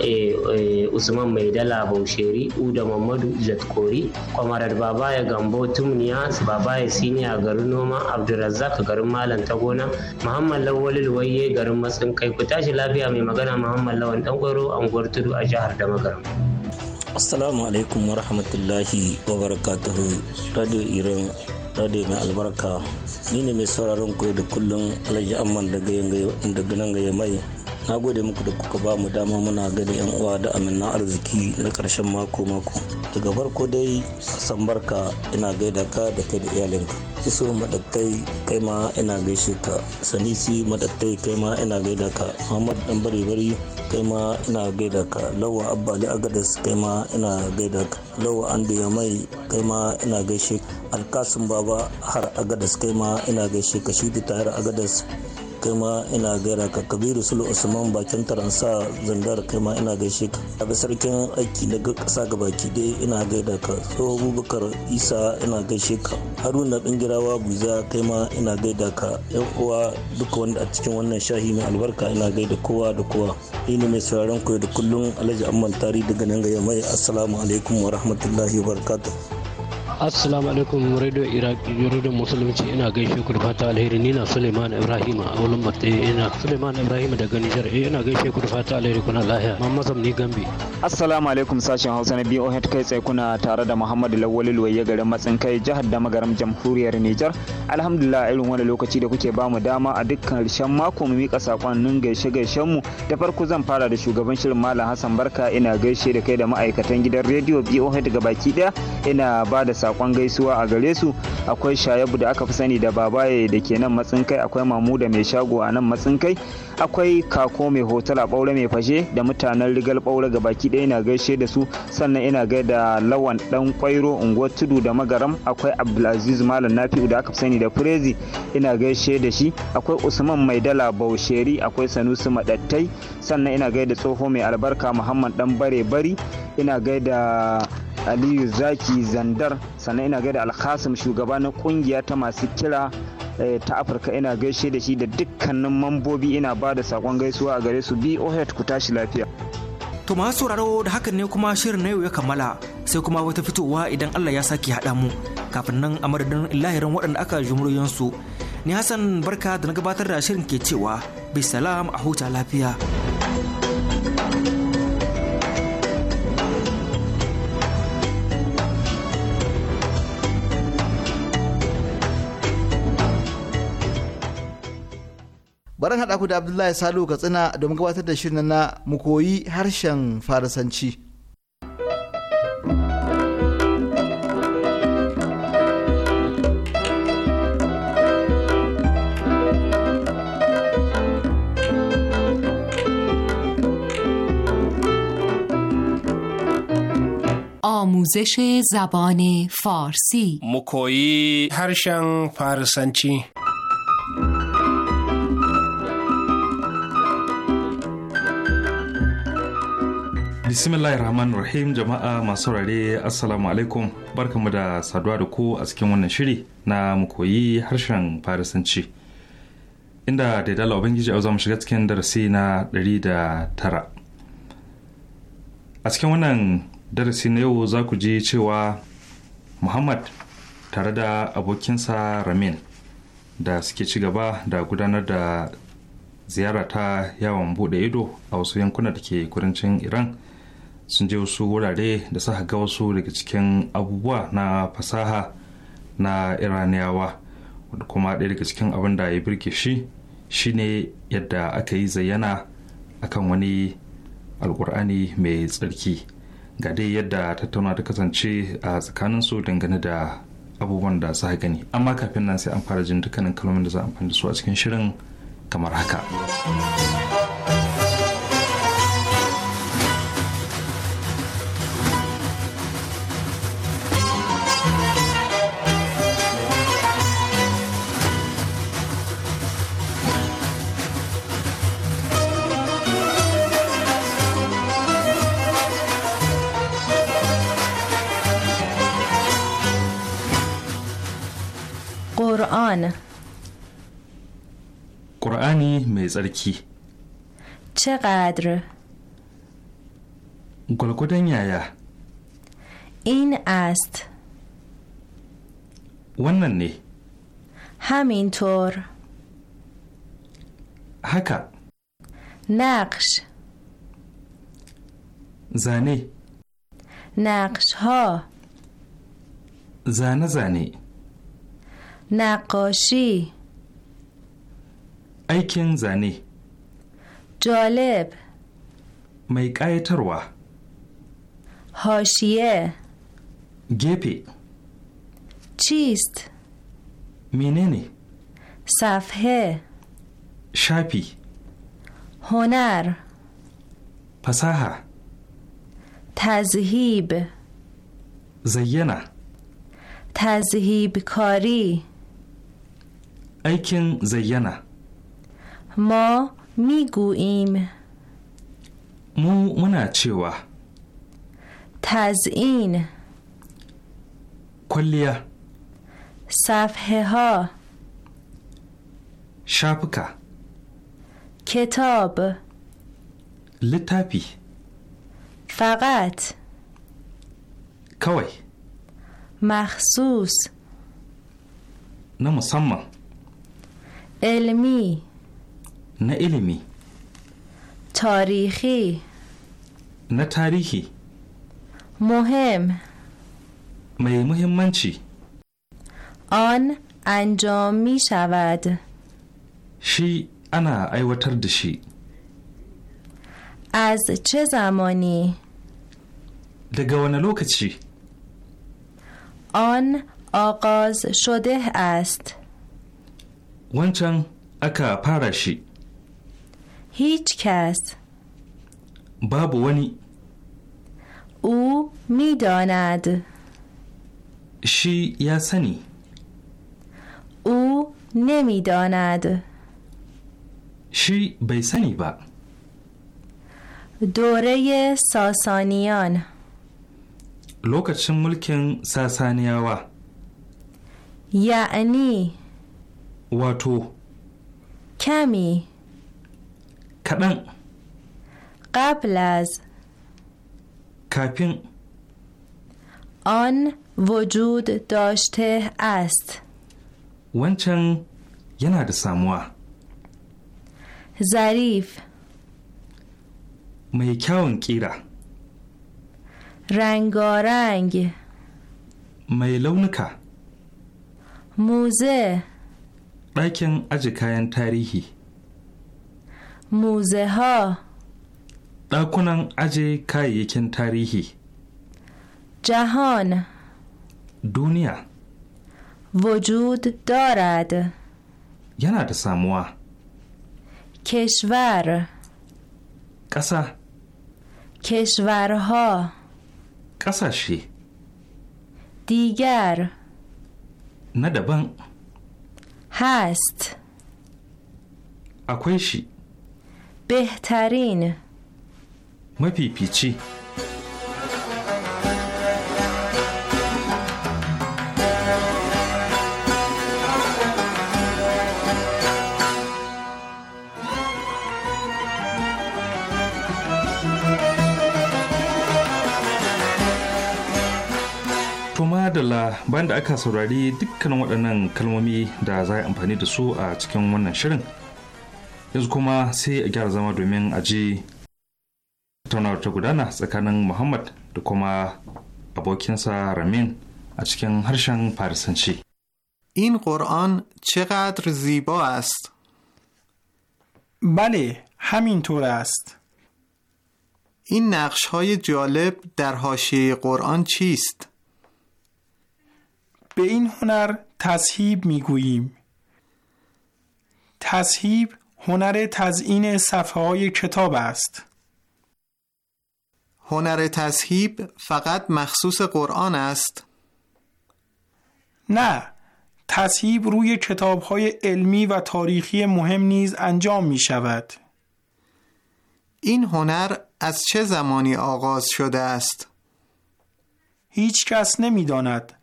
Usman Mai Dala bausheri Uda Mamadu Jatkori, Kwamarar Babaya Gambo Tumniya, Babaya Siniya injiniya garin noma abdulrazak garin malam ta gona muhammad lawali luwaye garin matsin kai ku tashi lafiya mai magana muhammad lawan dan gwaro anguwar tudu a jihar damagaram assalamu alaikum wa rahmatullahi wa barakatuhu radio irin radio mai albarka ni ne mai sauraron ku da kullum alhaji amman daga nan ga mai na gode muku da kuka ba mu dama muna gani yan uwa da amina arziki na karshen mako mako daga farko dai san barka ina gaida ka da kai da iyalinka iso madakai kai ma ina gaishe ka sanisi madakai kai ma ina gaida ka muhammad dan bari bari kai ma ina gaida ka lawa abbali agadas kai ma ina gaida ka lawa andu ya kai ma ina gaishe alkasun baba har agadas kai ma ina gaishe ka shi tayar agadas kai ma ina gaira ka kabiru sulu usman bakin taransa zandar kai ma ina gaishe ka daga sarkin aiki na ƙasa baki dai ina gaida ka tsoho bubakar isa ina gaishe ka haruna bingirawa buza kai ma ina gaida ka yan uwa duka wanda a cikin wannan shahi mai albarka ina gaida kowa da kowa ni ne mai sauraron ku da kullum alhaji amman tari daga nan ga yamai assalamu alaikum wa rahmatullahi wa barakatuh assalamu alaikum radio iraq radio musulunci ina gaishe ku da fata alheri ni na suleiman ibrahim a wulin matsayi ina suleiman ibrahim daga nijar eh ina gaishe ku da fata alheri kuna lahiya mamma ni gambi assalamu alaikum sashen hausa na boh kai tsaye kuna tare da muhammadu lawali luwaye garin matsin kai jihar damagaram jamhuriyar nijar alhamdulillah irin wani lokaci da kuke bamu dama a dukkan karshen mako mu mika sakonnin gaishe gaishen mu da farko zan fara da shugaban shirin malam hassan barka ina gaishe da kai da ma'aikatan gidan radio boh gabaki daya ina ba da sakon gaisuwa a gare su akwai shayabu da aka fi sani da babaye da ke nan matsin kai akwai mamu da mai shago a nan matsin kai akwai kako mai hotel a ɓaure mai fashe da mutanen rigar ɓaure ga baki ɗaya ina gaishe da su sannan ina gai da lawan ɗan kwairo unguwar tudu da magaram akwai abdulaziz malam nafi'u da aka fi sani da firezi ina gaishe da shi akwai usman mai dala bausheri akwai sanusi madattai sannan ina gai da tsoho mai albarka muhammad dan bare bari ina gai da. aliyu zaki zandar sannan ina gaida alkasim shugaba na kungiya ta masu kira eh, ta afirka ina gaishe da shi da dukkanin mambobi ina ba da sakon gaisuwa a gare su boh ku tashi lafiya to masu sauraro da hakan ne kuma shirin na yau ya kammala sai kuma wata fitowa idan allah ya sake haɗa mu kafin nan a madadin lahirin waɗanda aka su ni hassan barka da na gabatar da shirin ke cewa bisalam a huta lafiya. baran haɗa ku da abdullahi salu katsina domin gabatar da shirin na mukoyi harshen farisanci آموزش زبان فارسی مکویی هرشن فارسنچی bismillahirrahmanirrahim jama'a masu saurare assalamu alaikum barkamu da saduwa da ku a cikin wannan shiri na mu koyi harshen farisanci inda da dala ubangiji a za mu shiga cikin darasi na ɗari da tara a cikin wannan darasi na yau za ku ji cewa muhammad tare da abokinsa ramin da suke ci gaba da gudanar da ziyara ta yawon bude ido a wasu yankunan da ke kudancin iran sun je wasu wurare da suka ga wasu daga cikin abubuwa na fasaha na iraniyawa wadda kuma ɗaya daga cikin abin da ya birke shi shine yadda aka yi zayyana akan wani alkur'ani mai tsarki ga dai yadda tattauna ta kasance a tsakanin su dangane da abubuwan da za gani amma kafin nan sai an fara jin dukkanin kalmomin da za a amfani su a cikin shirin kamar haka. قرآنی می چقدر؟ گلگودن یایا این است ونن نه همینطور هکا نقش زنی نقش ها زن زنی نقاشی ایکن زنی، جالب می ƙayatarwa گپی چیست میننی صفحه شاپی هنر فساحه تزهیب زینه تزهیب کاری ایکن زینه ما میگوییم مو منا چیوا تزئین کلیه صفحه ها کتاب لطفی فقط کوی مخصوص نه مصمم علمی نه علمی تاریخی نه تاریخی مهم می مهم من چی؟ آن انجام می شود شی انا ایوتر شی از چه زمانی؟ دگوان لوکت چی؟ آن آغاز شده است wancan aka fara shi Hitch babu wani u mi donald shi ya sani u nemi donald shi bai sani ba dore sasaniyan lokacin mulkin sasaniyawa ya yani. واتو کمی کبن قبل از کپی آن وجود داشته است وانچنگ یه نده سمواه زریف می کن رنگارنگ می لونکه موزه ɗakin aji kayan tarihi Muzeho. ɗakunan aje kayayyakin tarihi jahan Duniya. vujud dorad. yana da samuwa کشور ƙasa کشورها ƙasashe Digar. na daban هست اکوی شی بهترین مپیپیچی madalla bayan da aka saurari dukkanin waɗannan kalmomi da za a amfani da su a cikin wannan shirin yanzu kuma sai a gyara zama domin a ji tattaunawar ta gudana tsakanin muhammad da kuma abokinsa ramin a cikin harshen farisanci In قرآن چقدر زیبا است بله همینطور است این نقش های جالب در حاشیه قرآن چیست؟ به این هنر تصهیب میگوییم تصهیب هنر تزئین صفحه های کتاب است هنر تصهیب فقط مخصوص قرآن است نه تصهیب روی کتاب های علمی و تاریخی مهم نیز انجام می شود این هنر از چه زمانی آغاز شده است؟ هیچ کس نمی داند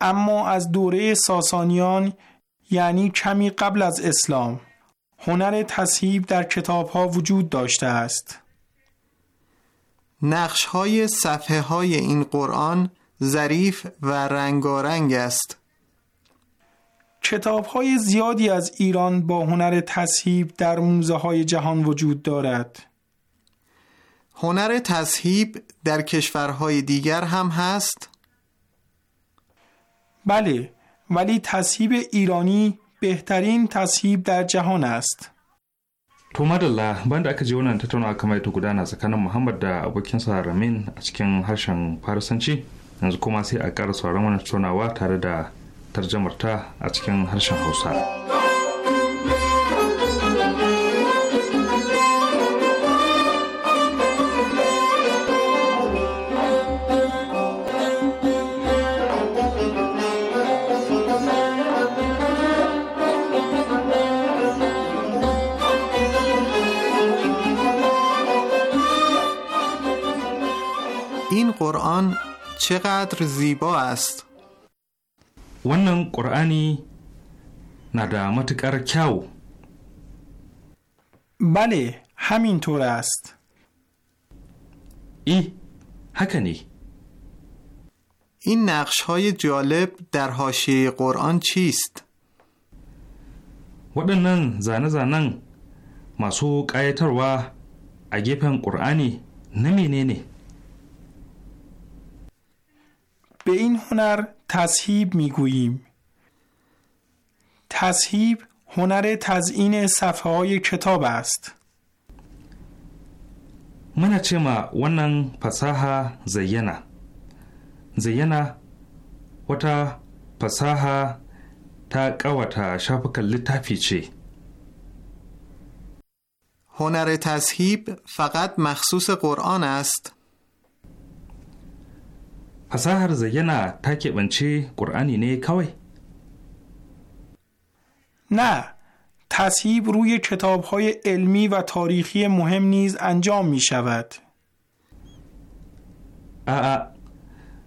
اما از دوره ساسانیان یعنی کمی قبل از اسلام هنر تصحیب در کتابها وجود داشته است نقش های صفحه های این قرآن ظریف و رنگارنگ است کتاب های زیادی از ایران با هنر تصحیب در موزه های جهان وجود دارد هنر تصحیب در کشورهای دیگر هم هست بله ولی تصهیب ایرانی بهترین da در جهان است To madalla banda aka ji wannan tattaunawa kamar ita gudana tsakanin Muhammad da abokinsa Ramin a cikin harshen Farisanci yanzu kuma sai a ƙara sauran wannan tattaunawa tare da tarjamarta a cikin harshen Hausa. قرآن چقدر زیبا است ونن قرآنی ندا متکر کاو. بله همین طور است ای حکنی این نقش های جالب در حاشیه قرآن چیست؟ وادنن زانه زانن مسوق قایتر و اگه قرآنی نمی نه به این هنر تصهیب میگوییم تصهیب هنر تزئین صفحه های کتاب است muna چما ونن wannan fasaha zayyana zayyana wata fasaha ta ƙawata shafukan littafi هنر تصهیب فقط مخصوص قرآن است؟ fasahar زینه ta keɓance ƙur'ani قرآنی kawai? نه تصیب روی کتاب علمی و تاریخی مهم نیز انجام می شود زینه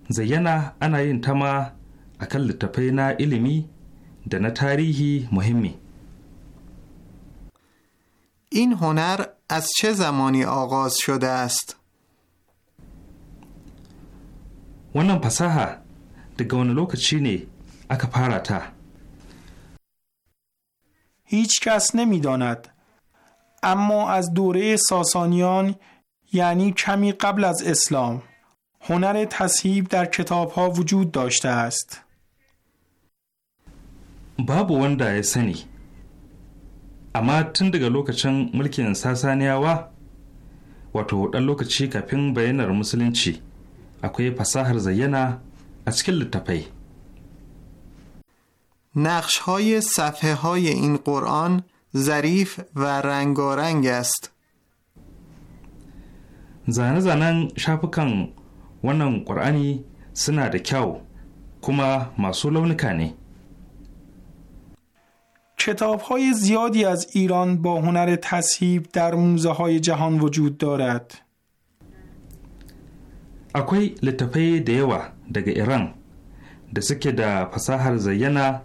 زینا انا تما اکل لطفه نه علمی دن تاریخی مهمی این هنر از چه زمانی آغاز شده است؟ wannan fasaha daga wani lokaci ne aka fara ta هیچ کس نمیداند اما از دوره ساسانیان یعنی کمی قبل از اسلام هنر تصحیب در کتاب ها وجود داشته است باب وندا سنی اما تن daga lokacin mulkin Sasaniyawa wato dan lokaci kafin bayyanar musulunci akwai fasahar zayyana a cikin littafai نقش های صفحه های این قرآن ظریف و رنگارنگ است. زنه زنن شاپکان wannan قرآنی سنا da kyau kuma masu launuka کتاب های زیادی از ایران با هنر تصحیب در موزه های جهان وجود دارد. akwai littafai da yawa daga iran da suke da fasahar zayyana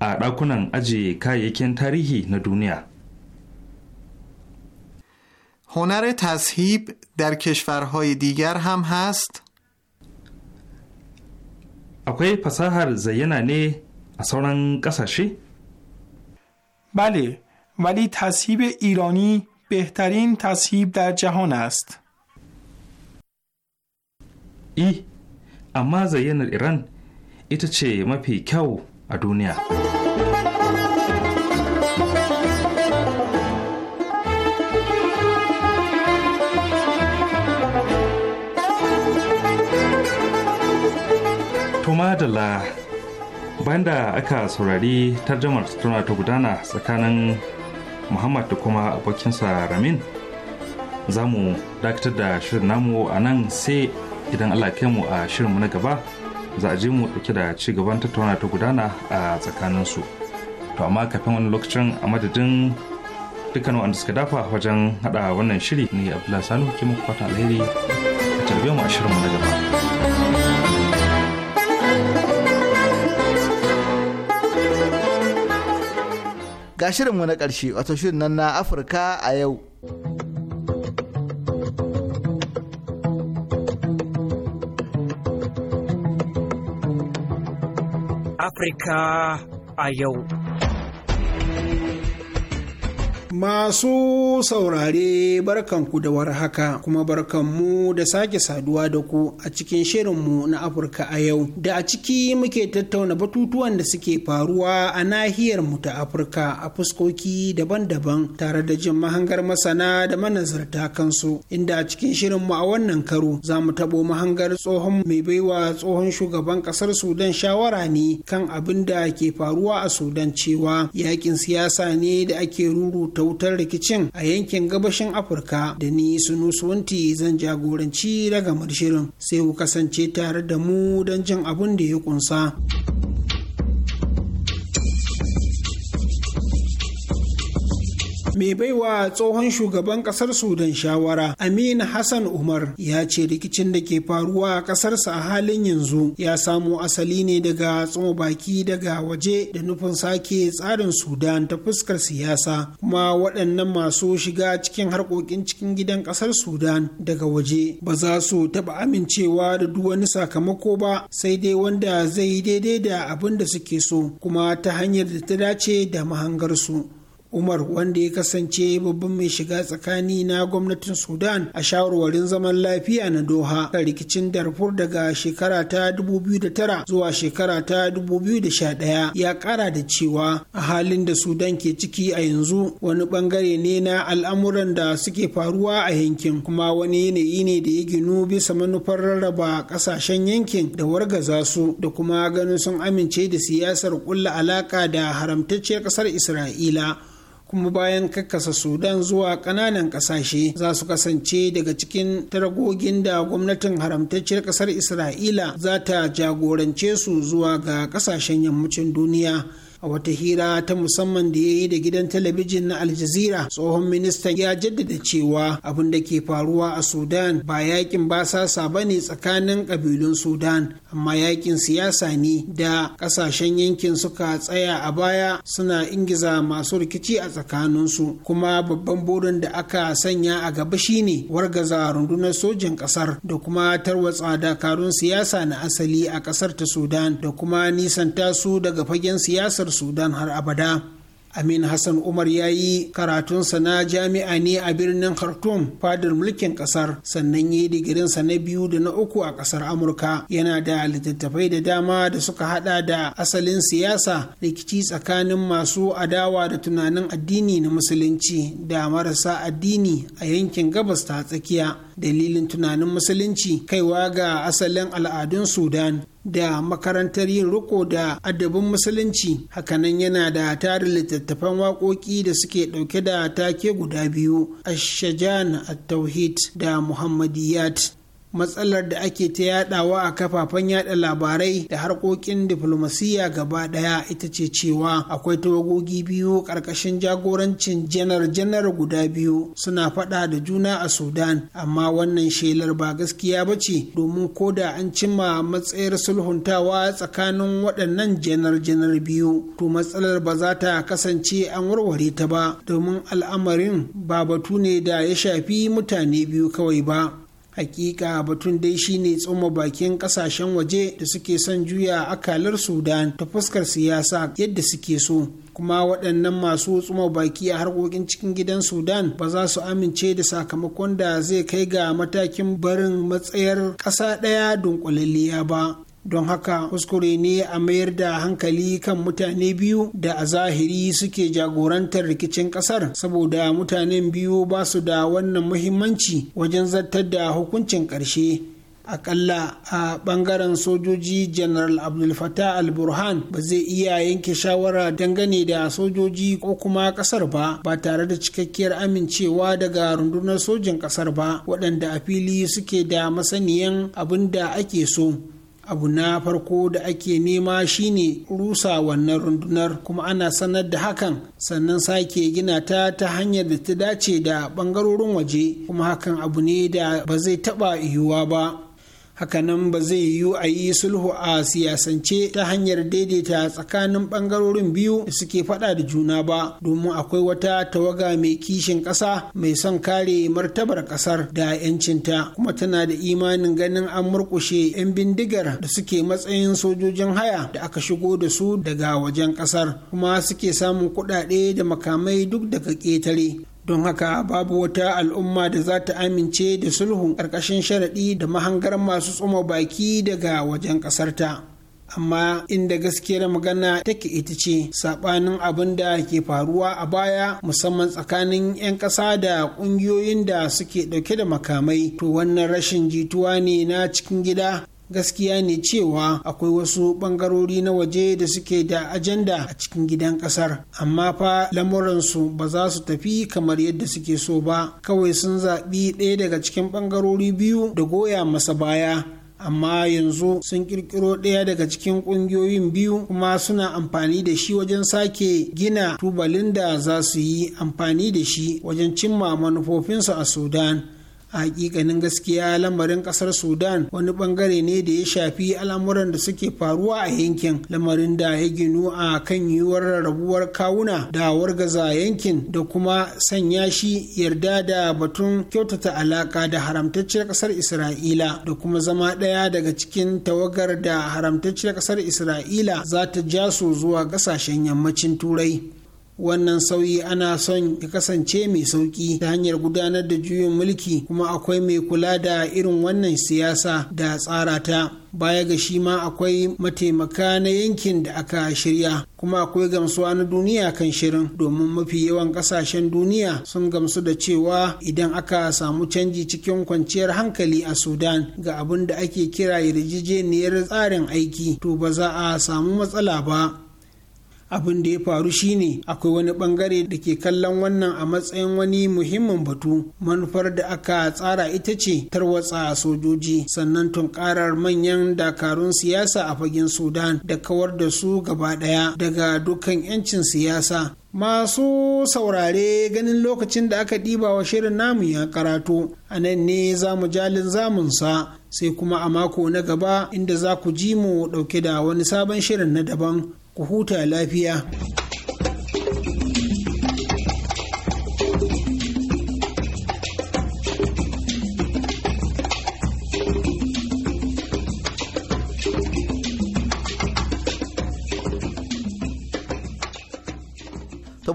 a ɗakunan aji kayayyakin tarihi na duniya honar tashib dar kishfar hoi digar ham hast akwai fasahar zayyana ne a sauran kasashe bale wali tashib irani behtarin tashib dar jahan ast i e, amma zayyanar iran ita ce mafi kyau a duniya Tumadala da aka saurari tarjamar tattauna ta gudana tsakanin muhammad da kuma abokinsa ramin za mu dakatar da shirin namu a nan sai idan allah kai mu a shirinmu na gaba za a je mu dauke da ci gaban tattauna ta gudana a tsakanin su to amma kafin wani lokacin a madadin dukkan wanda suka dafa wajen hada wannan shiri ne abdullahi sanu ke muku fata alheri a tarbe mu a shirinmu na gaba ga shirinmu na karshe wato shirin nan na afirka a yau Africa. Ayo. Masu saurare barkanku da haka kuma barkanmu da sake saduwa da ku a cikin shirinmu na Afirka a yau da a ciki muke tattauna batutuwan da suke faruwa a nahiyar mu ta Afirka a fuskoki daban-daban tare da jin mahangar masana da manazarta kansu inda a cikin shirinmu a wannan karo za mu tabo mahangar tsohon mai baiwa tsohon shugaban kasar Sudan shawara ne kan abin da ke faruwa a Sudan cewa yakin siyasa ne da ake ruru ta wutar rikicin a yankin gabashin Afirka da ni Sunusuwanti zan jagoranci daga shirin sai ku kasance tare da mu don jin abin da ya kunsa. mai baiwa tsohon shugaban kasar sudan shawara amin hassan umar ya ce rikicin da ke faruwa a kasarsa a halin yanzu ya samo asali ne daga tsoma baki daga waje da nufin sake tsarin sudan ta fuskar siyasa kuma waɗannan masu shiga cikin harkokin cikin gidan kasar sudan daga waje ba za su taɓa amincewa da duk wani sakamako ba sai dai wanda zai daidai da abin da suke so kuma ta hanyar da ta dace da mahangarsu umar wanda ya kasance babban mai shiga tsakani na gwamnatin sudan a shawarwarin zaman lafiya na doha a rikicin darfur daga shekara ta 2009 zuwa shekara ta 2011 ya kara da cewa a halin da sudan ke ciki a yanzu wani bangare ne na al'amuran da suke faruwa a yankin kuma wani yanayi ne da ya ginu bisa manufar rarraba kasashen yankin da wargaza su da kuma ganin sun amince da siyasar kulla alaka da haramtacciyar kasar isra'ila kuma bayan kakkasa sudan zuwa ƙananan ƙasashe za su kasance daga cikin taragogin da gwamnatin haramtacciyar ƙasar isra'ila za ta jagorance su zuwa ga ƙasashen yammacin duniya a wata hira ta musamman da ya yi da gidan talabijin na aljazira tsohon ministan ya jaddada cewa abin da ke faruwa a sudan ba yakin basasa ba ne tsakanin ƙabilun sudan amma yakin siyasa ne da ƙasashen yankin suka tsaya a baya suna ingiza masu rikici a tsakaninsu kuma babban burin da aka sanya a gaba shine wargaza rundunar sojin ƙasar da kuma tarwatsa dakarun siyasa na asali a ƙasar ta sudan da kuma nisanta su daga fagen siyasar sudan har abada amin hassan umar ya yi karatunsa na jami'a ne a birnin khartoum fadar mulkin kasar sannan ya yi digirinsa na biyu da na uku a kasar amurka yana da littattafai da dama da suka hada da asalin siyasa rikici tsakanin masu adawa da tunanin addini na musulunci da marasa addini a yankin gabas ta tsakiya dalilin tunanin musulunci kaiwa ga asalin al'adun sudan da makarantar yin riko da adabin musulunci hakanan yana da tarin littattafan waƙoƙi da suke ɗauke da take guda biyu ashajan at-tauhid da muhammadiyat matsalar da ake ta yadawa a kafafen yada labarai da harkokin diflomasiyya gaba daya ita ce cewa akwai tawagogi biyu karkashin jagorancin janar-janar guda biyu suna fada da juna a sudan amma wannan shelar ba gaskiya ba ce domin ko da an cimma matsayar sulhuntawa tsakanin waɗannan janar-janar biyu to matsalar ba za ta kasance an warware ta ba domin al'amarin ba batu ne da ya shafi mutane biyu kawai ba hakika batun dai shine tsoma bakin kasashen waje da suke son juya akalar sudan ta fuskar siyasa yadda suke so kuma waɗannan masu tsuma baki a harkokin cikin gidan sudan ba za su amince da sakamakon da zai kai ga matakin barin matsayar ƙasa ɗaya dunkulalliya ba don haka kuskure ne a mayar da hankali kan mutane biyu da a zahiri suke jagorantar rikicin kasar saboda mutanen biyu ba su da wannan muhimmanci wajen zartar da hukuncin ƙarshe akalla a bangaren sojoji general abdul fatah al-burhan ba zai iya yanke shawara dangane da sojoji ko kuma kasar ba ba tare da cikakkiyar amincewa daga rundunar sojin kasar ba waɗanda a fili suke da masaniyan abin da ake so abu na farko da ake nema shine rusa wannan rundunar kuma ana sanar da hakan sannan sake gina ta ta hanyar da ta dace da bangarorin waje kuma hakan abu ne da ba zai taba yiwuwa ba hakanan ba zai yiwu a yi sulhu a siyasance ta hanyar daidaita tsakanin bangarorin biyu da suke fada da juna ba domin akwai wata tawaga mai kishin ƙasa mai son kare martabar ƙasar da 'yancinta kuma tana da imanin ganin an murkushe 'yan bindigar da suke matsayin sojojin haya da aka shigo da su daga wajen ƙasar kuma suke samun kuɗaɗe da makamai duk daga ƙetare don haka babu wata al'umma da za ta amince da sulhun ƙarƙashin sharaɗi da mahangar masu tsoma baki daga wajen ƙasarta amma inda gaskiyar magana take ita ce saɓanin abin da ke faruwa a baya musamman tsakanin 'yan ƙasa da ƙungiyoyin da suke ɗauke da makamai to wannan rashin jituwa ne na cikin gida gaskiya ne cewa akwai wasu bangarori na waje da suke da ajanda a cikin gidan kasar amma fa lamuransu ba za su tafi kamar yadda suke so ba kawai sun zaɓi ɗaya daga cikin bangarori biyu da goya masa baya amma yanzu sun kirkiro ɗaya daga cikin ƙungiyoyin biyu kuma suna amfani da shi wajen sake gina tubalin da za su yi amfani da shi wajen cimma manufofinsu a sudan hakikanin gaskiya lamarin kasar sudan wani bangare ne da ya shafi al'amuran da suke faruwa a yankin lamarin da ya ginu a kan yiwuwar rarrabuwar kawuna da wargaza yankin da kuma sanya shi yarda da batun kyautata alaka da haramtacciyar kasar isra'ila da kuma zama ɗaya daga cikin tawagar da haramtacciyar kasar isra'ila za ta ja zuwa ƙasashen yammacin turai wannan sauyi ana son ya kasance mai sauki ta hanyar gudanar da juyin mulki kuma akwai mai kula da irin wannan siyasa da tsara ta baya ga shi ma akwai mataimaka na yankin da aka shirya kuma akwai gamsuwa na duniya kan shirin domin mafi yawan kasashen duniya sun gamsu da cewa idan aka samu canji cikin kwanciyar hankali a sudan ga abin da ake kira yarjejeniyar tsarin aiki to ba za a samu matsala ba abin da ya faru shine akwai wani bangare da ke kallon wannan a matsayin wani muhimmin batu manufar da aka tsara ita ce tarwatsa sojoji sannan tunkarar manyan dakarun siyasa a fagen sudan da kawar da su gaba daya daga dukkan 'yancin siyasa masu saurare ganin lokacin da aka ɗiba wa shirin namu ya karatu a nan ne za mu jalin zamunsa sai kuma a mako na gaba inda za ku ji mu ɗauke da wani sabon shirin na daban ku huta lafiya.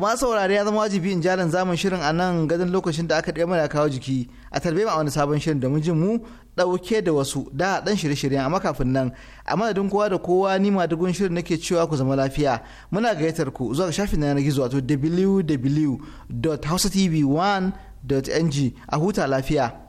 ma saurare ya zama wajibi in jarin zamun shirin a nan gadon lokacin da aka ɗaya mana kawo jiki a tarbe ma wani sabon shirin da mijin mu ɗauke da wasu da ɗan shirye-shiryen a makafin nan a madadin kowa da kowa ni ma dugun shirin nake cewa ku zama lafiya muna gayyatar ku zuwa shafin yanar gizo wato www.hausatv1.ng a huta lafiya.